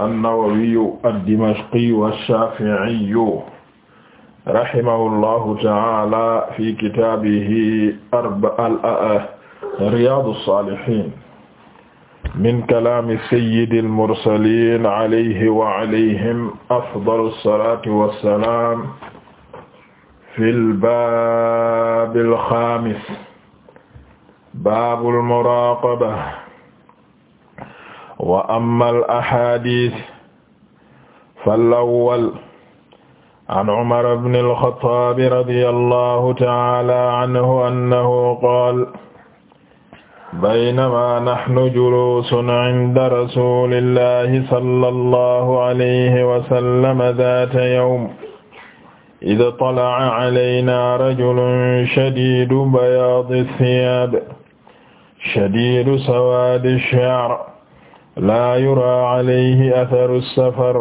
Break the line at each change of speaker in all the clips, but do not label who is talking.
an-Nawawiyu ad-Dimashqiyu ash-Shafi'iyu rahimahullahu ta'ala fi kitaabihi Riyaadu s-Saalihiin min kalaami sayyidil mursaliin alayhi wa alayhim afdalu s-salaati wa s-salaam fil baabil xaamis baabul muraaqaba wa ammal axaadiis fal awwal an Umar ibn al-Khattaab radiyallahu ta'aala anhu annahu qaala baynamaa naxnu juluusun inda rasuulillaahi sallallahu alayhi wa sallam zaata yawm iz tala'a alaynaa rajulun shadiidu bayaadi siyaab shadiidu sawaadi sha'r laa yuraa alayhi atharu safar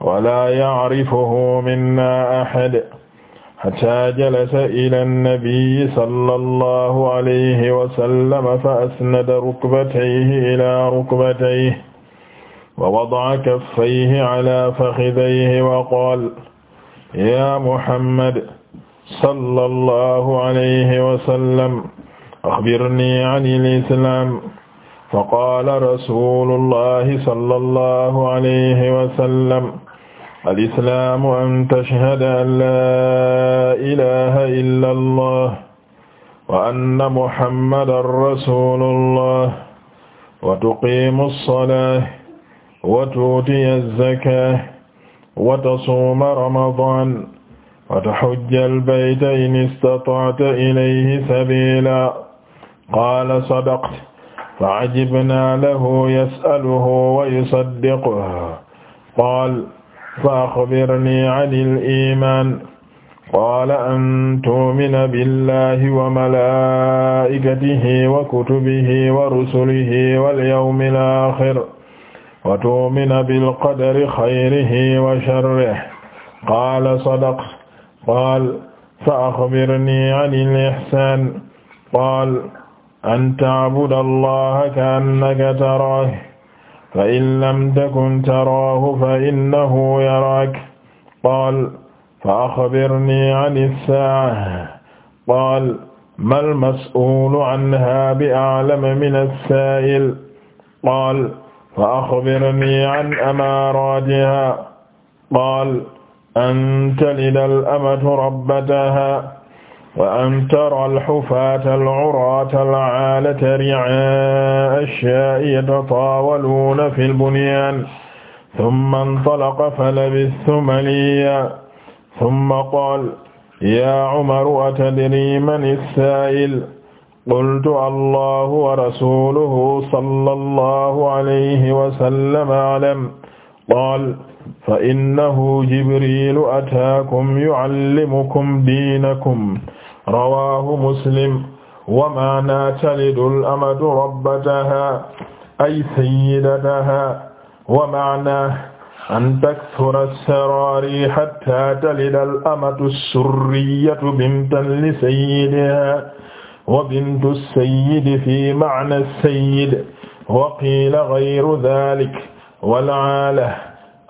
wala yacrifuhu minna ahad hatta jalasa ila nnabiyi sallallahu alayhi wa sallam fa asnada rukbatayhi ila rukbatayhi wa wadaca kaffayhi ala fakhidayhi wa qaala yaa Muhammad sallallahu alayhi wa sallam axbirnii ani l-islaam fa qaala rasulullahi sallallahu alayhi wa sallam alislaamu an tashhada an laa ilaha illa allah wa anna muhammadan rasulullah wa tuqiimu as-salaata wa tu'tiya az-zakaata wa tasuuma ramadaan wa tahujja al-bayta in istata'ta ilayhi sabiila qaala sadaqta فعجبنا له يسأله ويصدقه قال فأخبرني عن الإيمان قال أن تؤمن بالله وملائكته وكتبه ورسله واليوم الآخر وتؤمن بالقدر خيره وشره قال صدقت قال فأخبرني عن الإحسان قال an ta'buda allaha ka'annaka taraahu fa in lam takun taraahu fa innahu yaraak qaal fa axbirnii an as-saa'a qaal mal mas'uulu anhaa bi a'lama min as-saa'il qaal fa axbirnii an amaaraatihaa qaal an talida al-amatu rabbatahaa wa an tara al-hufaata al-'uraata al-'aalata ri'aa'a ash-shaa'i yatataawaluuna fi al-bunyaan thumma intalaqa falabithu maliyan thumma qaala yaa Umaru atadrii man as-saa'il qultu Allahu wa rasuuluhu sallallahu alayhi wa sallam a'lam qaala fa innahu Jibriilu ataakum yu'allimukum diinakum rawaahu muslim wa maana talidul amatu rabbataha ay sayyidataha wa maana an takthura as-sarari hatta talida al-amatu as-surriyatu bintan li sayyidiha wa bintu as-sayyidi fi ma'na as-sayyid wa qiila ghayru dhalik wal-'aala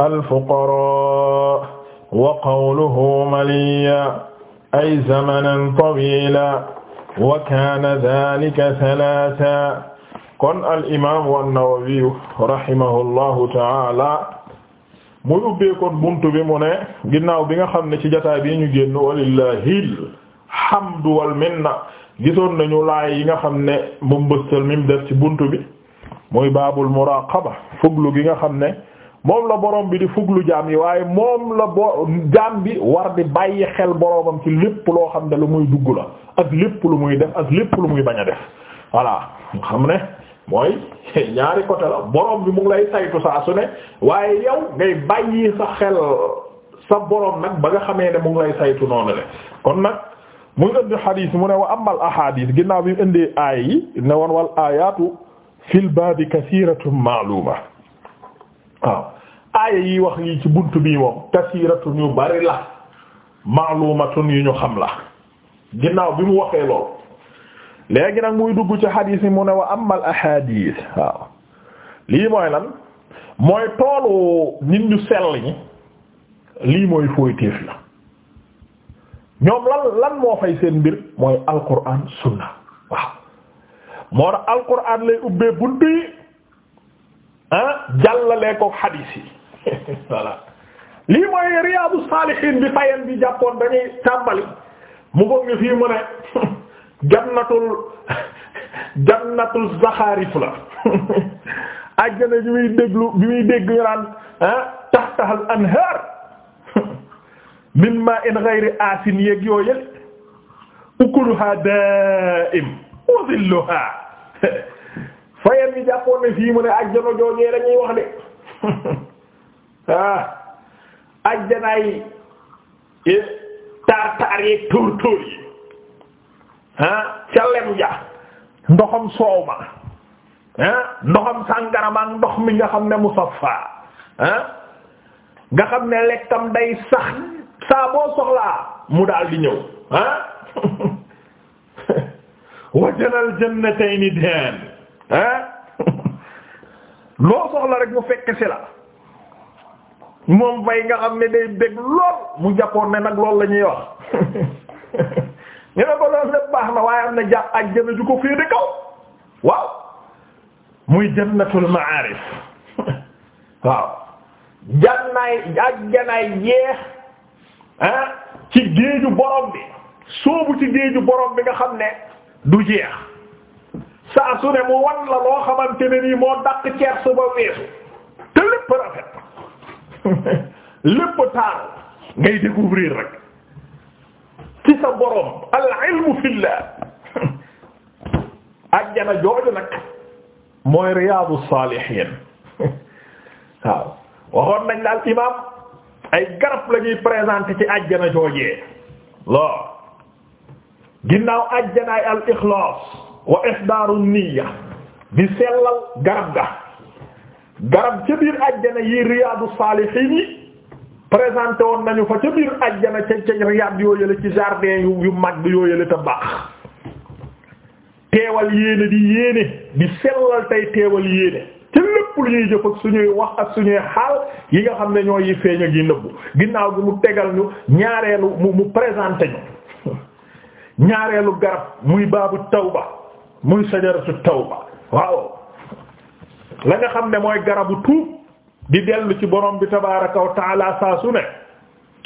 al-fuqara wa qawluhu maliya ay zamanan tawila wa kaana dhalika thalatha kon al imaamu an-Nawawi rahimahullahu ta'ala muy ubbee kon buntu bi mu ne ginnaaw bi nga xam ne ci jotaay bi ñu génn walillahil hamdu wal minna gisoon nañu laay yi nga xam ne mu mbëstal mi mu ci buntu bi moy baabul muraqaba fuglu gi nga xam ne moom la boroom bi di fuglu jaam yi
waaye moom la bo jaam bi war di bàyyi xel boromam ci lépp loo xam ne lu muy dugg la ak lépp lu muy def ak lépp lu muy bañ a def voilà xam ne mooy ñaari côté la borom bi mu ngi lay saytu saa su ne waaye yow ngay bàyyi sa xel sa boroom nag ba nga xamee ne mu ngi lay saytu noonu le kon nag mu ngi indi xadiis mu ne wa amal ahadis ginnaaw bi mu indee aay yi ne woon wal aayaatu fil baabi kasiiratun ma'luuma waaw aaya yi wax yi ci bunt bi moom kasiiratun yu bari la maalumatun yu ñu xam la ginnaaw bi mu waxee lool léegi nag muy dugg ci xadiis yi mu ne wa amal ahadiis waaw lii mooy lan mooy toolu nit ñu sell ñi lii mooy fooy la ñoom lan lan moo fay seen mbir mooy alquran sunna waaw moo tax alquran lay ubbee bunt yi ah jàllalee ko lii mooy riyaadu saalihiin bi fayeen bi jàppoon dañuy tàmbali mu bëgg ñu fii mu ne jannatul jannatul zaxaarif bi muy déglu bi muy dégg ñu naan ah tahtaha al anhaar min maa'in ghayri aasin yeeg yooyu fayeen bi jàppoon na fii mu ne ajjana joojee lañuy wax de ah ajjanaay taar taar yi tóor tóor yi ah. ca lem ja ndoxam soow ma ah ndoxam sàngarama ak ndox mi nga xam ne musaffa ah nga xam ne lekkam day sax saa boo soxlaa mu daal di ñëw ah wajanal jannatayni daan ah loo soxla rek mu fekk si la moom fay nga xam ne day bég lool mu jàppoon ne nag loolu la ñuy wax ñu ne ko loolu lépp baax na waaye am na jàpp ak jënd ju ko féete kaw waaw muy jannatul ma'arif janaay jeex ah ci géeju borom bi soobu ci géeju borom bi nga xam ne du jeex saa su ne mu wan la loo xamante ne nii moo dàq ceer su ba weesu te lépp rafet lépp taaru ngay découvrir rek ci borom al ilmu fillah ajjana jooju nag mooy riyaadu saalihiin waaw waxoon nañ daal imaam ay garab la ñuy présenter ci ajjana joojee loo ginnaaw ajjanaay al ixlaas wa ihdaaru niyya di sellal garab ga garab ca biir ajjana yi riyaadu saalihiin yi présenté woon nañu fa ca biir ajjana ca ca riyaad yoo yële ci jardin yu yu mag yoo yële te baax teewal yéene di yéene di sellal tey teewal yéene ci lépp lu ñuy jëf ak suñuy wax ak suñuy xaal yi nga xam ne ñoo yi feeñ ak yi nëbbu ginnaaw gi mu tegal ñu ñaareelu mu mu présenté ñu ñaareelu garab muy baabu tawba muy taw ba waaw la nga xam ne mooy garabu tuub di dellu ci borom bi tabaaraka wa taala saa su ne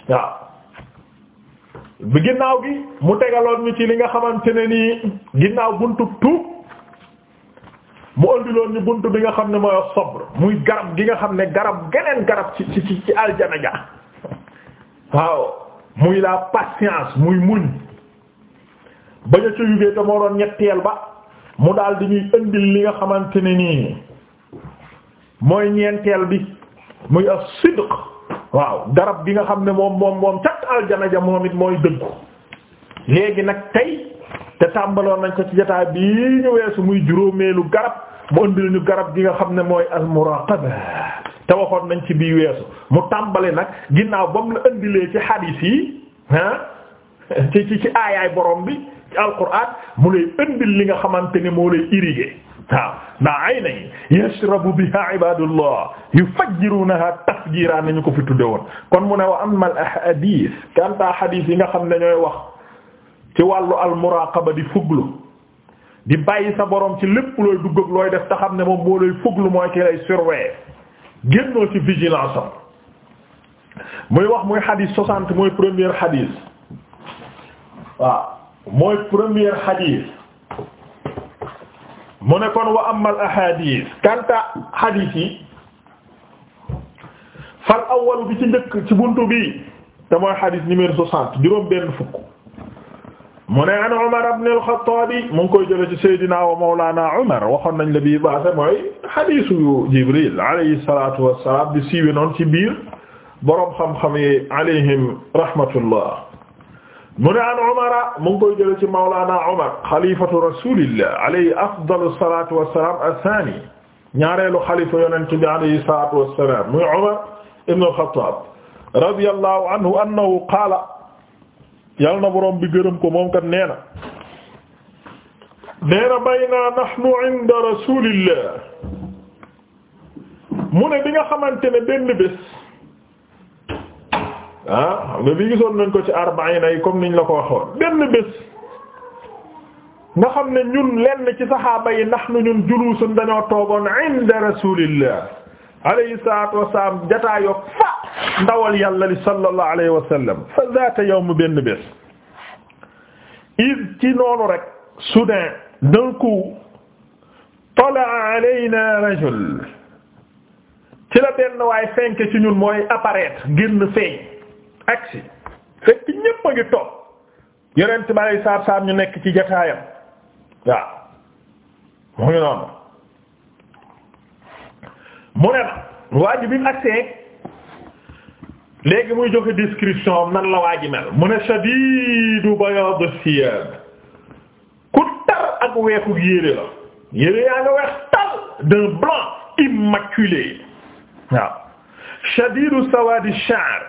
waaw bi ginnaaw gi mu tegaloon ñu ci li nga xamante ne nii ginnaaw buntu tuub mu ëndiloon ñu buntu bi nga xam ne mooy sabr muy garab gi nga xam ne garab geneen garab ci ci ci aljana ja waaw muy la patience muy muñ bañ a ca yugee te moo doon ñetteel ba mu daal di ñuy indil li nga xamante ni nii mooy ñeenteel bi muy as-sidq waaw garab gi nga xam ne moom moom cat aljana ja moom it mooy dëggu léegi nag tey te tàmbaloon nañ ko ci jotaay bii ñu weesu muy juróomeelu garab mu indil ñu garab gi nga xam ne mooy al te waxoon nañ ci bii weesu mu tàmbali nag ginnaaw ba mu indilee ci hadith yi ah ci ci ci aayaay borom bi. ci alquran mu lay ëndil li nga xamante ni moo lay irrigué waaw bi ay nañ yashrabu biha ibadullah yufajjirunaha tafjiran nañu ko fi tudde woon kon mu ne wa amal ahadith kanta hadith yi nga xam ne ñooy wax ci wàllu almuraqaba di fuglu di bàyyi sa boroom ci lépp looy dugg looy def te xam ne moom moo lay fuglu mooy ki lay surveiller génnoo ci vigilance am muy wax muy hadith soixante muy premier hadith waaw mooy premier hadith mu ne kon wa amal ahadith kanta hadith yi fal awwalu bi ci njëkk ci buntu bi te mooy hadith numéro soixante juróom benn fukk mu ne an Umar ibn al-Khattab mu ngi koy jële ci Seydina wa Mawlana Umar waxoon nañ la bii baase mooy hadithu Jibril alayhi salatu wassalam bi siiwe noonu ci biir boroom xam-xam yi alayhim rahmatullah mu ne an Umara mu ngi koy jële ci Mawlana Umar xalifatu rasulillah alayhi afdalu salatu wassalam athani ñaareelu xalifa yonent bi alayhi salatu wassalam muy Umar ibn al-Khattab radiyallahu anhu annahu qaala yal na boroom bi gërëm ko moom kat nee na nee na bayna nahnu inda rasulillah mu ne bi nga xamante ne benn bés ah nga bi gisoon nañ ko ci arbaina yi comme niñ la ko waxoon benn bés nga xam ne ñun lenn ci saxaaba yi nahnu ñun julusun dañoo toogoon inda rasulillah alayhi salatu wasalam jataayoog fa ndawal yàlla li sallallahu alayhi wa sallam fa zaata yawm benn bés id ci noonu rek soudain d'un coup talaa alayna
rajul
ci la benn waay fenk ci ñun mooy apparaître génn feeñ agsi fekk ñépp a ngi toog yonent ma lay saab saab ñu nekk ci jataayam waaw mu ngi noonu mu ne ma waa ji bi mu agsee léegi muy joxe description la waa ji mel mu ne shadidu bayaad as-siyab ku tar ak weexu yére la yére yaa nga weex tar d'un blanc immaculé waaw shadidu sawadi ash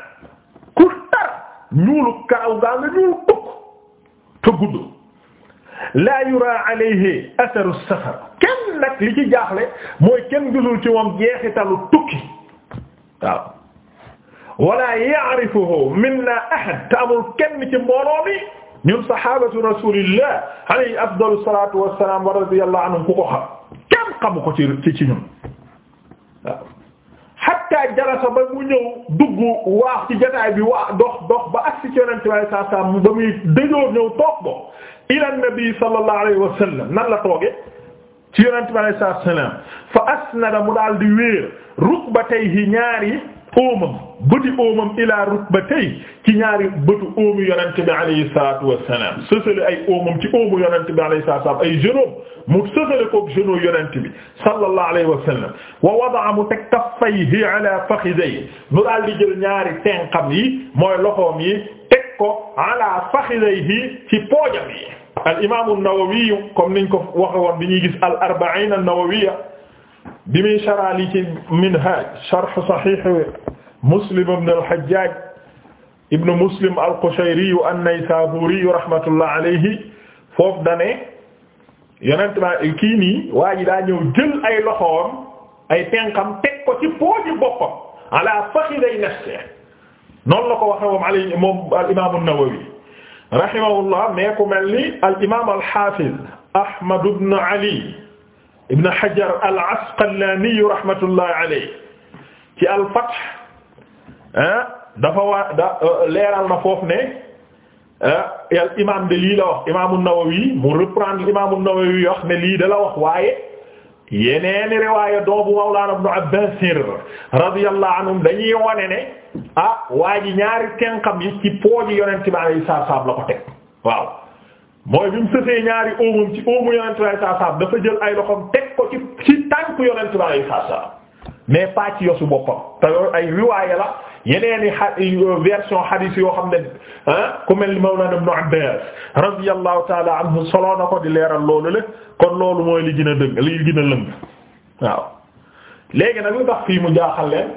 ñuulu karaw gaa nga ñuul bukk te gudd laa yura alayhi atharu safar kenn nag li ci jaaxle mooy kenn gisul ci moom jeexitalu tukki waaw wala ya'rifuhu minna ahad te amul kenn ci mbooloo mi ñun sahabatu rasulillah alayhi afdalu salatu wassalam wa radiyallahu anhum ku ko xam kenn xamu ko ci ci ñun xataa jalasa ba mu ñëw dugg waax ci jataay bi waax dox dox ba agsi ci yonent bi sallallahu alayhi wasallam ba muy dëjoo ñëw toog ko ila nabi sallallahu alayhi wasallam nan la tooge ci yonent bi sallallahu alayhi wasallam fa asnada mu daal di wéer rukbatayhi ñaari óomam bëti óomam ila rukbatay ci ñaari bëtu óomu yonent bi
alayhi salaatu wassalaam
sësale ay óomam ci óomu yonent bi alayhi salaatu wassalaam ay genoom mu sësale koog genoom yonent bi sallallahu alayhi wasallam wa wada'a mu teg kaffayhi ala fakhidayhi mu daal di jël ñaari tenqam yi mooy loxoom yi teg ko ala fakhidayhi ci poojam yi al imaamu an-Nawawi comme niñ ko waxe woon bi ñuy gis al arba'iin an-Nawawiyya bi muy saraal yi ci minhaj sharh sahih muslim ibn al-hajjaj ibn muslim al-qushayri an-naysaburi rahmatullah alayhi foofu dane yonent ma kii nii waa ji daa ñëw jël ay loxoom ay tenqam teg ko ci pooji boppam ala faxiday nafsi noonu la ko waxe moom alay moom al imam an-nawawi rahimahullah mais ku mel ni al imam al hafiz ahmad ibn ali Ibn Hajar al-Asqalaani rahmatullahi alayhi ci al-Fath ah dafa waa da euh, leeral na foofu ne ah, al imaam de lii la wax imaamu Nawawi mu reprendre imaamu Nawawi wax ne lii da la wax waaye yeneeni riwaaya doobu Mawlaana Ibn Abbaas radiyallahu anhum dañuy wone ne ah waa ji ñaari tenqam yi ci pooji Yonent bi alayhi salaam la ko teg waaw. mooy bi mu sësee ñaari óomam ci óomu yonent baay saa saam dafa jël ay loxoom teg ko ci ci tànk yonent baay saa saam mais pas ci yosu boppam te loolu ay riwaaya la yeneeni euh, version hadith yoo xam ne ku mel ni Mawlana Ibn Abbas radiyallahu ta'ala anhu solo na ko di leeral loolu le loolu mooy li gën a dëng li gën a lëng waaw léegi nag mu tax fii mu jaaxal leen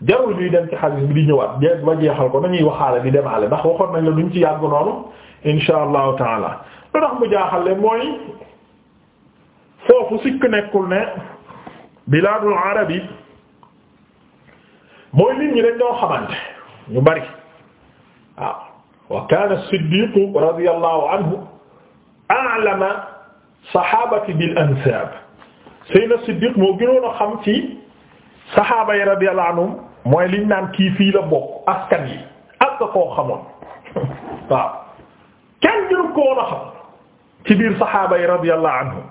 jarul ñuy dem ci hadith bi di ñëwaat jeex ba jeexal ko nañuy waxaale di demaale ndax waxoon nañ la duñ ci yàgg noonu insha allahu taala lu tax mu jaaxale mooy foofu sikk nekkul ne bilaadul arab yi mooy nit ñi dañ doo xamante ñu bari waaw wa kaana siddiqu radiyallahu anhu a'lama saxaabati bil ansaab sayna siddiq moo gënoon a xam ci saxaaba yi radiyallahu anhum mooy liñ naan kii fii la bokk askan yi ak koo xamoon waaw kenn jëru ko woon ci biir saxaaba yi radiyallahu anhum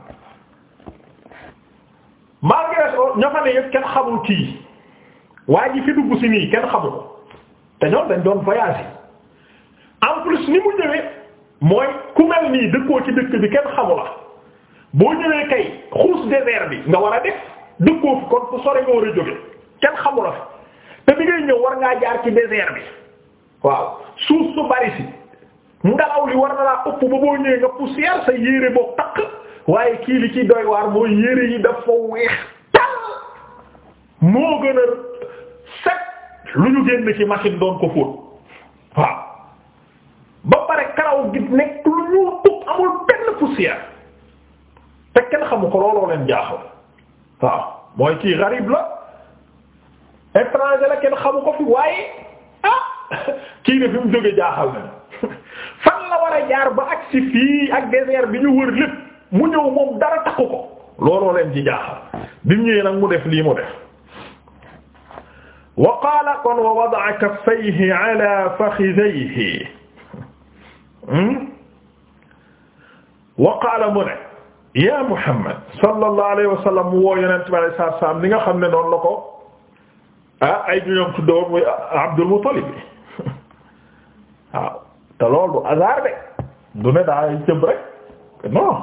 malgré so kenn xamul kii waa ji fi dugg si nii kenn xamul te ñoom dañ doon voyage en plus ni mu ñëwee mooy ku mel nii dëkkoo ci dëkk bi kenn xamula boo ñëwee kay xuus désert bi nga war a def dëkkoo fi kon sore nga war a jóge kenn xamula fi te bi ngay ñëw war ngaa jaar ci désert bi waaw suuf su bari ngelaw li war na laa ëpp ba boo ñëwee nga poussière sa yére boo takk waaye kii li ci doy waar yére yi dafa weex tal moo gën a set lu ñu génn ci machine doon ko fóot waaw ba pare karaw gi nekk lu ñu amul benn poussière te kenn xamu ko looloo leen jaaxal waaw mooy kii gariib la étranger la kenn xamu ko fi waaye ah kii ne fi mu jóge jaaxal na fan la war a jaar ba ak si fii ak désert bi ñu wër lépp mu ñëw moom dara takku ko looloo leen ci jaaxal bi mu ñëwee nag mu def lii mu def wa qaala kon wa wada'a kaffayhi ala fakhidhayhi hmm? wa qaala mu ne ya Muhammad sallallahu alayhi wa sallam woo yonent bi alayhi salaatu wa salaam li nga xam ne noonu la ko ah ay juñoom tuddoon muy Abdul Muttalib waaw te loolu du hasard de du ne daa cëb rek non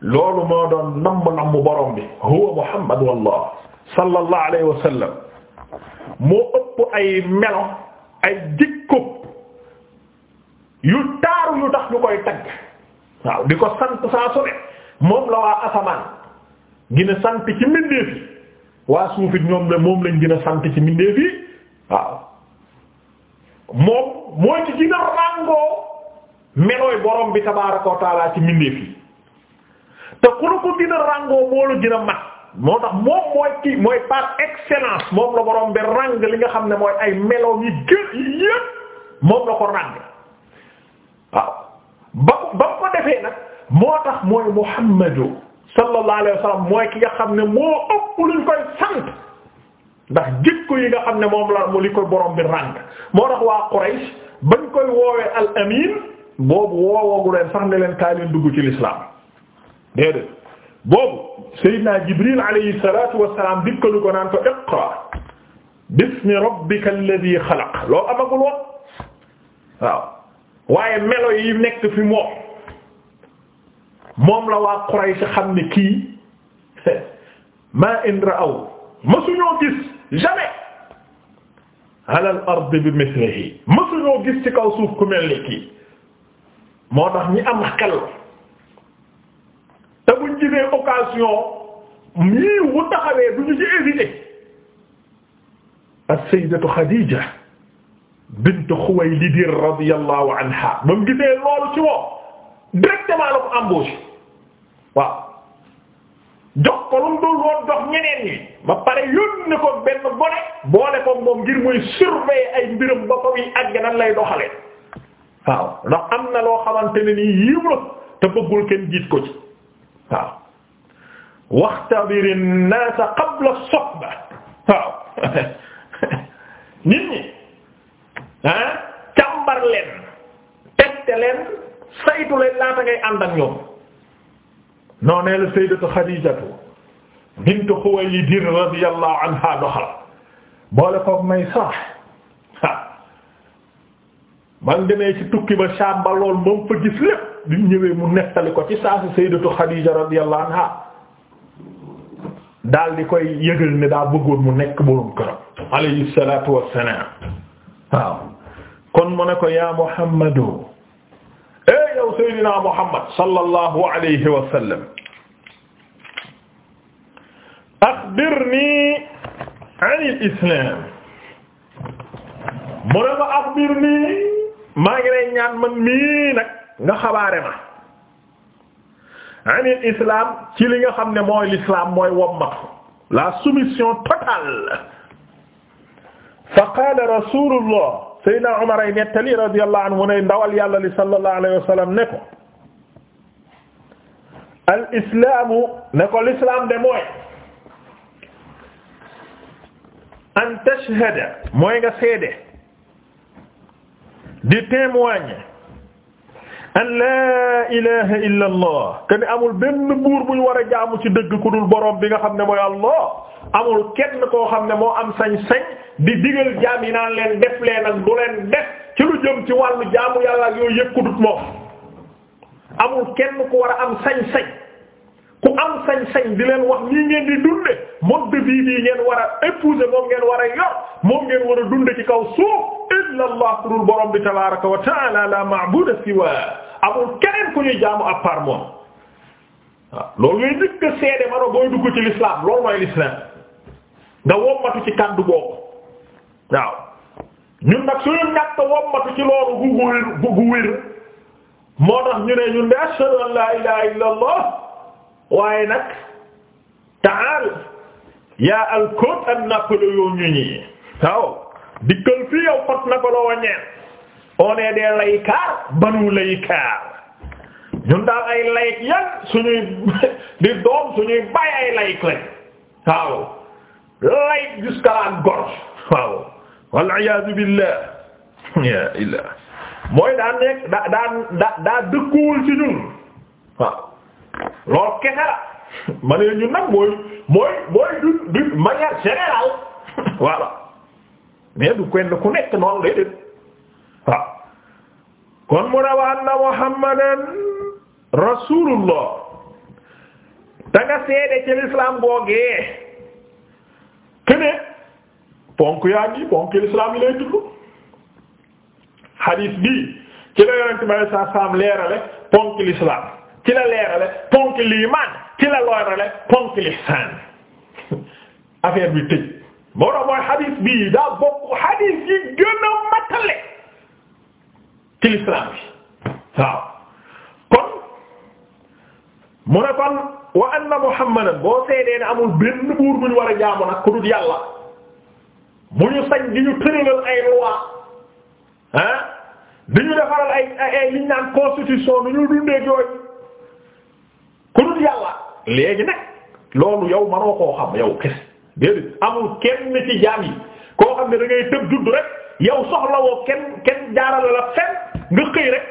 loolu moo doon namb namb borom bi huwa Muhammad wallah sallallahu alayhi wa moo ëpp ay melo ay jikko yu taaru yu tax ñu koy tagg waaw di ko sant saa su ne moom la waa asamaan gën a sant ci mbindeef yi waa suufit ñoom la moom lañ gën a ci mbindeef yi waaw moom mooy ci gën a ràngoo melooy borom bi tabaaraka wa taala ci mbindeef yi te ku la ko gën a ràngoo moo la gën a mat moo tax moom mooy kii mooy par excellence moom la borom bi ràng li nga xam ne mooy ay meloom yi gën yi yëpp moom la ko ràng waaw ba ba ko defee nag moo tax mooy Muhammadu sallallahu alayhi mooy ki nga xam ne moo ëpp luñ koy sant ndax jikko yi nga xam ne moom la mu li koy borom bi ràng moo tax waa Quraysh bañ koy woowee al amin boobu woowoogu leen sax ne leen kaay leen dugg ci lislaam déedéet boobu Seydina Jibril alayhi salatu wasalaam dikkalu ko naan ko iqra bismi rabbika alladhi xalaq melo yi nekk fi moom moom la waa Quraysh xam ne kii ma in ra'aw ma suñoo gis jamais ala al ard bi mislihi mësuñoo gis ci kaw suuf ku mel ni kii moo tax ñi am xel te buñ gisee occasion mii wu taxawee du ñu ci hésité as-sayyidatu Khadija bint Khuwaylid radiyallahu anha ba mu gisee loolu ci woo directement la ko embauché waaw jox ko lu mu ñeneen ñi ba pare yónni ko benn gone boole ko moom ngir muy surveiller ay mbiram ba ko yi àgg nan lay doxalee waaw ndax am na loo xamante ne nii yiw la te bëggul kenn jiit ko ci waaw waxtabiri naasa qabla soxba waaw nit ñi ah càmbar leen teste leen saytu leen laata ngay ànd ak ñoom noonee la sayyidatu Xadiijatu bint Xuwaylid radiyallahu anha doxal boole koog may sax man demee ci tukki ba Sham ba lool moom fa gis lépp di ñëwee ko ci saa si sayyidatu Xadiija radiyallahu anha daal di koy yëgal ne daa bëggoon mu nekk boroom këram.
alayhi salaatu wassalaam
waaw kon mu ne ko yaa Muhammadu eh yow Seydina Muhammad sallallahu axbirnii anil islaam mu ne ma ñaan man mii nag nga xabaare ma anil islaam ci li nga xam ne mooy l'islam mooy wommat la soumission totale fa qaala rasuulullah Seydina Umar ay nettali radiyallahu anhu mu ne ndawal yàlla li sallallahu alayhi wa sallam ne ko al ne ko l'islam de mooy an tashhada mooy nga seede di témoigner an laa ilaha illa allah ken amul benn buur buñ war a jaamu ci dëgg ku dul borom bi nga xam ne mooy allah amul kenn koo xam ne moo am sañ-sañ di digal jaam yi naan leen def leen ak du leen def ci lu jëm ci wàllu jaamu yàlla ak yooyu yëpp ku dul moom amul kenn ku war a am sañ-sañ ku am sañ-sañ di leen wax nii ngeen di dunde mode de bii ngeen war a épouser moom ngeen war a yor moom ngeen war a dunde ci kaw suuf illa allah turul borom bi tabaraka wa taala la ma'buda siwa amul keneen ku ñuy jaamu à part moom loolu ngay njëkk a seede mano booy dugg ci l'islam loolu mooy l'islam nga wommatu ci kàddu boobu waaw ñun nag suñu ñàkk wommatu ci loolu gu gu wér gu wér moo tax ñu ne ñun de ashhadu an la ilaha illa allah waaye nag taal yaa alcote ak nappalo yoo ñu ñi waaw dikkal fii yow xot napalo waññeen on est des banu laykaar ñun daal ay layk yan suñuy di doom suñuy bàyyi ay layk lañ waaw layk jusqu'à la gorge waaw wal iyaadu billah
ya ilah
mooy daa nekk daa daa daa dëkkuwul ci ñun loolu kese la ma ne mooy mooy mooy du du manière générale voilà du kenn ku nekk noonu lay def kon mu ne anna muhammadan rasulullah da nga seede ci l'islam googee kene ponk yaa ngi ponk l'islam yi lay tudd hadith bi ci la yonent bi sallallahu alayhi wasallam leerale ponk l'islam ci la leerale ponk liimaan ci la leerale ponk lihsaan affaire bi tëj moo tax mooy hadith bii daa bokk hadith yi gën a matale ci lislaam bi waaw kon mu ne kon wa anna muhammadan boo seedee ne buur bu ñu war a jaamu nag ku dul yàlla mu ñu sañ di ñu tëralal ay loi ah di ñu defaral ay ay liñ naan constitution du ñu dundee ku dul yàlla léegi nag loolu yow manoo koo xam yow kese déedéet amul kenn ci jaam koo xam ne da ngay tëb judd rek yow soxlawoo kenn kenn jaarale la fenn nga xëy rek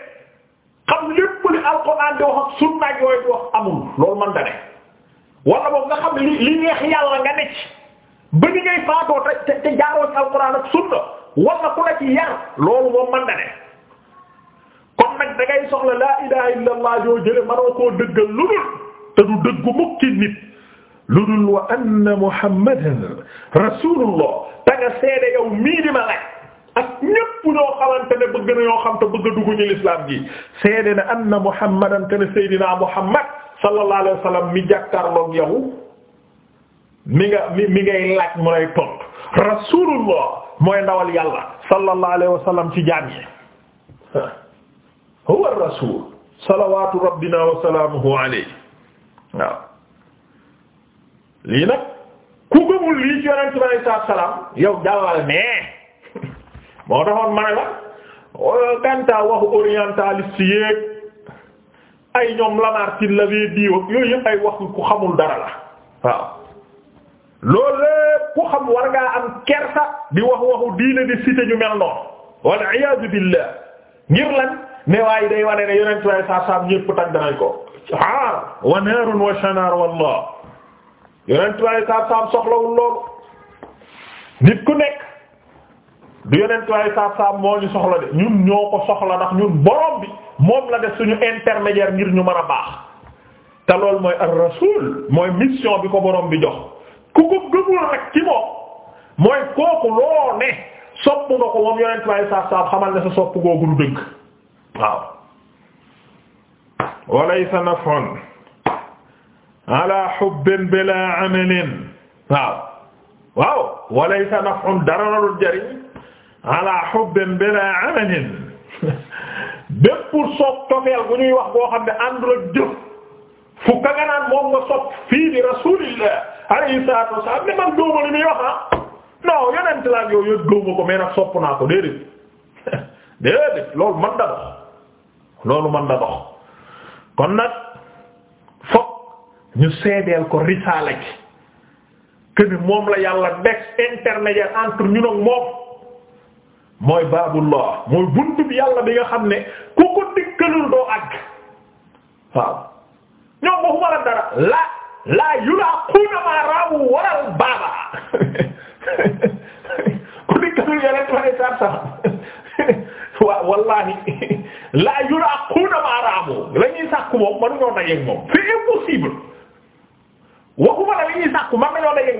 xam lépp li alxuraan di wax ak sunna yooyu di wax amul loolu man da nga xam li li neex yàlla nga nekk ba ni ngay faatoo te te jaaroo ci alxuraan ak sunna wala ku la ci yar loolu moom man da kon nag da ngay soxla laa ilaha illallah yoo jële manoo koo dëggal lu dul te du dëggu mukk ci nit lu dul wa anna muhammadan rasulullah te nga seede yow mii di ma laaj ak ñépp ñoo xamante ne bëgg na ñoo xam te bëgg a dugg ci lislaam gi seede na anna muhammadan te ne seydina muhammad sallallahu alayhi wa sallam mi jàkkaarloog yow mi nga mi mi ngay laaj mu lay tontu rasulullah mooy ndawal yàlla sallallahu alayhi wa sallam ci jaam yi huwa rasul salawaatu rabbina wa salaamuhu alayhi waaw lii nag ku gëmul lii ci yonent bi alayhi salaam yow jàllal nee moo taxoon ma la gàntaa waxu orientaliste yéeg ay ñoom Lamartine la bee diiw ak yooyu yëpp ay wax ku xamul dara la waaw loolu ku xam war ngaa am kersa di wax waxu diine di cité mel noonu wal iyaadu billah ngir lan ne waaye day wane ne yonent waaye saa ñépp tagg nañ ko ah wa naarun wa shanaar wallah yonent soxlawul loolu nit ku nekk du yonent waaye saa moo ñu soxla de ñun ñoo ko soxla ndax ñun borom bi moom la def suñu intermédiaire ngir ñu man a baax te loolu mooy ar mooy mission bi ko borom bi jox ku ko gëmul rek ci moom mooy kooku loo ne sopp nga ko moom yonent waaye saa saam xamal ne sa sopp googu lu dëgg waaw walaysa naf'un ala hubbin bila amalin waaw waaw walaysa naf'un dara la dul jariñ ala hubbin bila amalin bépp sopp tofeel bu ñuy wax boo xam ne àndul ak jëf fu ka nga naan moom nga sopp fii di rasulillah alayhi salatu wassalam ne man dóoma li muy wax ah non yonent la yow yot dóoma ko mais nag sopp naa ko déedéet déedéet loolu man da loolu mën na dox kon nag fokk ñu seedeel ko risaala gi que moom la yàlla dex intermédiaire entre ñun ak moom mooy baabullah mooy buntu yàlla bi nga xam ne ku ko dikkalul doo àgg waaw ñoom waxuma la dara la laa yulaaquuna maa raawu waral baaba ku dikkalul yàlla ci ma ne saab waaw wallahi laa yuraaquuna maa raamu la ñuy sàkku moom mënuñoo dajeeg moom c'est impossible waxuma la la ñuy sàkku man nañoo dajeeg